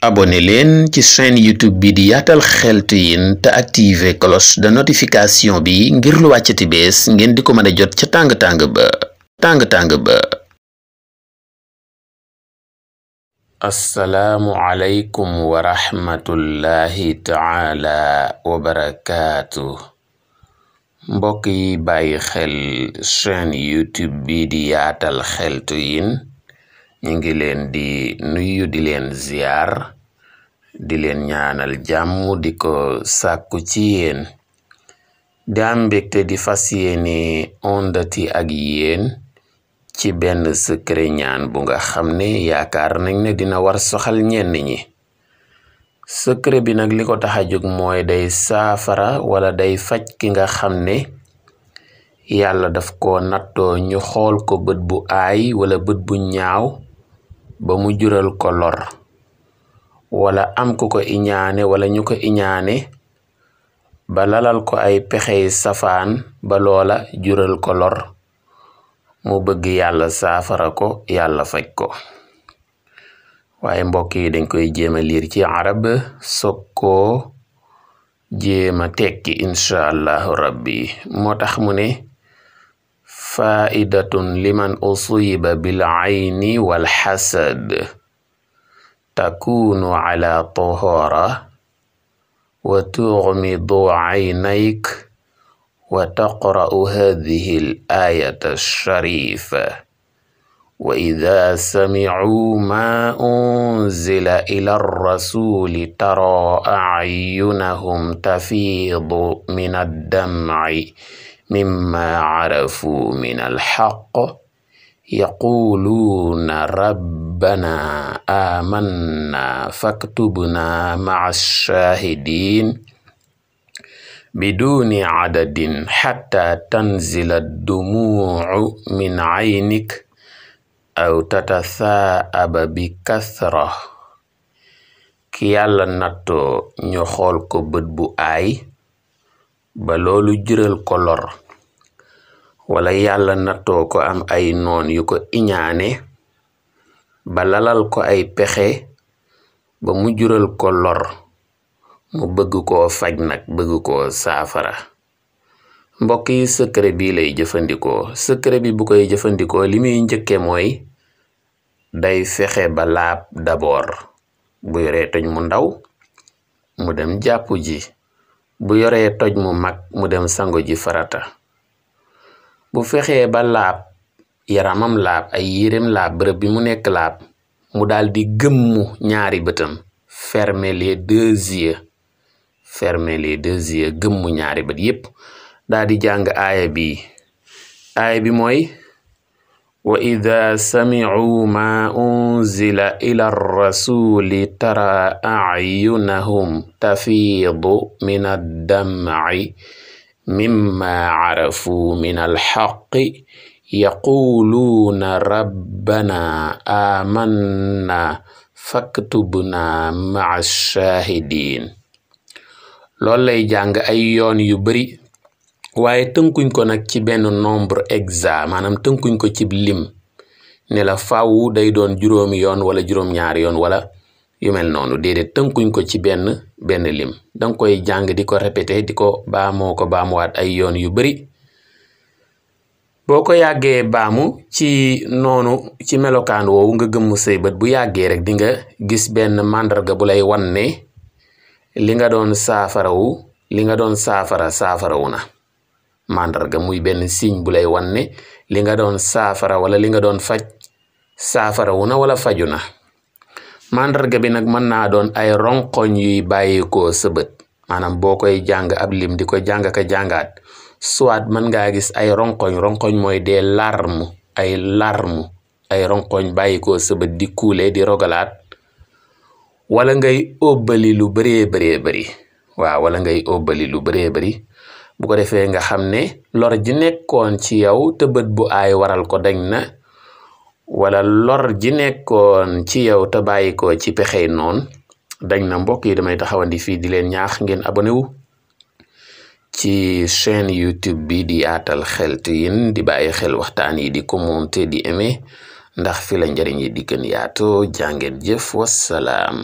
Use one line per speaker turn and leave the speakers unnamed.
abonné leen ci chaîne youtube bi di yatal xeltu yin te activer cloche de notification bi ngir lu wàccati bees ngeen di ko mën a jot ca tàng-tàng ba tàng-tàng ba assalaamu aleykum wa rahmatullahi taala wa barakaatu mbokk yi bàyyi xel chaîne youtube bi di yaatal xeltu yin ñu ngi leen di nuyu di leen ziyaar di leen ñaanal jàmm di ko sàkku ci yéen di am mbégte di fas yeeni ondati ak yéen ci benn secret ñaan bu nga xam ne yaakaar nañ ne dina war soxal ñenn ñi secret bi nag li ko tax a jóg mooy day saafara wala day faj ki nga xam ne yàlla daf ko nattoo ñu xool ko bët bu aay wala bët bu ñaaw ba mu jural ko lor wala am ku ko iñaane wala ñu ko iñaane ba lalal ko ay pexey safaan ba loola jural ko lor mu bëgg yàlla saafara ko yàlla faj ko waaye mbokk yi dañ koy jéema liir ci arab soog jéema tekki incha allahu rabbi moo tax mu ne faaidatun liman usiba bil ayni wal xasad takunu ala tahara wa tughmidu aynayk wa taqra'u hadhihi al ayata sharifa wa idha sami'u ma unzila ila rasuli tara a'yunahum tafidu min ad-dam'i mimma carafu min alxaq yaquluuna rabbana amanna faktubna maca shaahidin biduuni cadadin xataa tanzila dumuucu min caynik aw tatasaaaba bi kasra ki yàlla nattoo ñu xool ko bët bu aay ba loolu jural ko lor wala yàlla nattoo ko am ay noon yu ko iñaane ba lalal ko ay pexe ba mu jural ko lor mu bëgg koo faj nag bëgg koo saafara mbokk yi secret bi lay jëfandikoo secret bi bu koy jëfandikoo li muy njëkke mooy day fexe ba laab d'abord bu yoree toñ mu ndaw mu dem jàppu ji bu yoree toj mu mag mu dem sango ji farata bu fexee ba laab yaramam laab ay yérem laab bërëb bi mu nekk laab mu daldi gëmmu ñaari bëtam fermer les deux yeux fermer les deux yeux gëmmu ñaari bët yépp daldi jàng aaya bi aaya bi mooy وإذا سمعوا ما أنزل إلى الرسول ترى أعينهم تفيض من الدمع مما عرفوا من الحق يقولون ربنا آمنا faktubna maa shahidin loolu lay jàng ay yoon yu bari waaye tënkuñ ko nag ci benn nombre exact maanaam tënkuñ ko ci lim ne la faaw day doon juróomi yoon wala juróom-ñaari yoon wala yu mel noonu déedéet tënkuñ ko ci benn benn lim danga koy jàng di ko répété di ko baamoo ko baamuwaat ay yoon yu bari boo ko yàggee baamu ci noonu ci melokaan woowu nga gëmm say bët bu yàggee rek di nga gis benn màndarga bu lay wan ne li nga doon saafarawu li nga doon saafara saafara wu na màndarga muy benn signe bu lay wan ne li nga doon saafara wala li nga doon faj saafara wu na wala faju na màndarga bi nag mën naa doon ay ronkoñ yuy bàyyikoo sa bët maanaam boo koy jàng ab lim di ko jàng ka jàngaat soit mën ngaa gis ay ronkoñ ronkoñ mooy des larmes ay larmes ay ronkoñ bàyyikoo sa bët di kuule di rogalaat wala ngay óbbali lu bëree bëree bëri waaw wala ngay óbbali lu bëree bëri bu ko defee nga xam ne lor ji nekkoon ci yow te bët bu aay waral ko dañ na wala lor ji nekkoon ci yow te bàyyi ko ci pexey noon dañ na mbokk yi damay taxawandi fii di leen ñaax ngeen abonné wu ci chaîne YouTube bi di yaatal xeltu yin di bàyyi xel waxtaan yi di commenter di aimer ndax fi la njariñ yi di gën yaatu jàngeen jëf wasalaam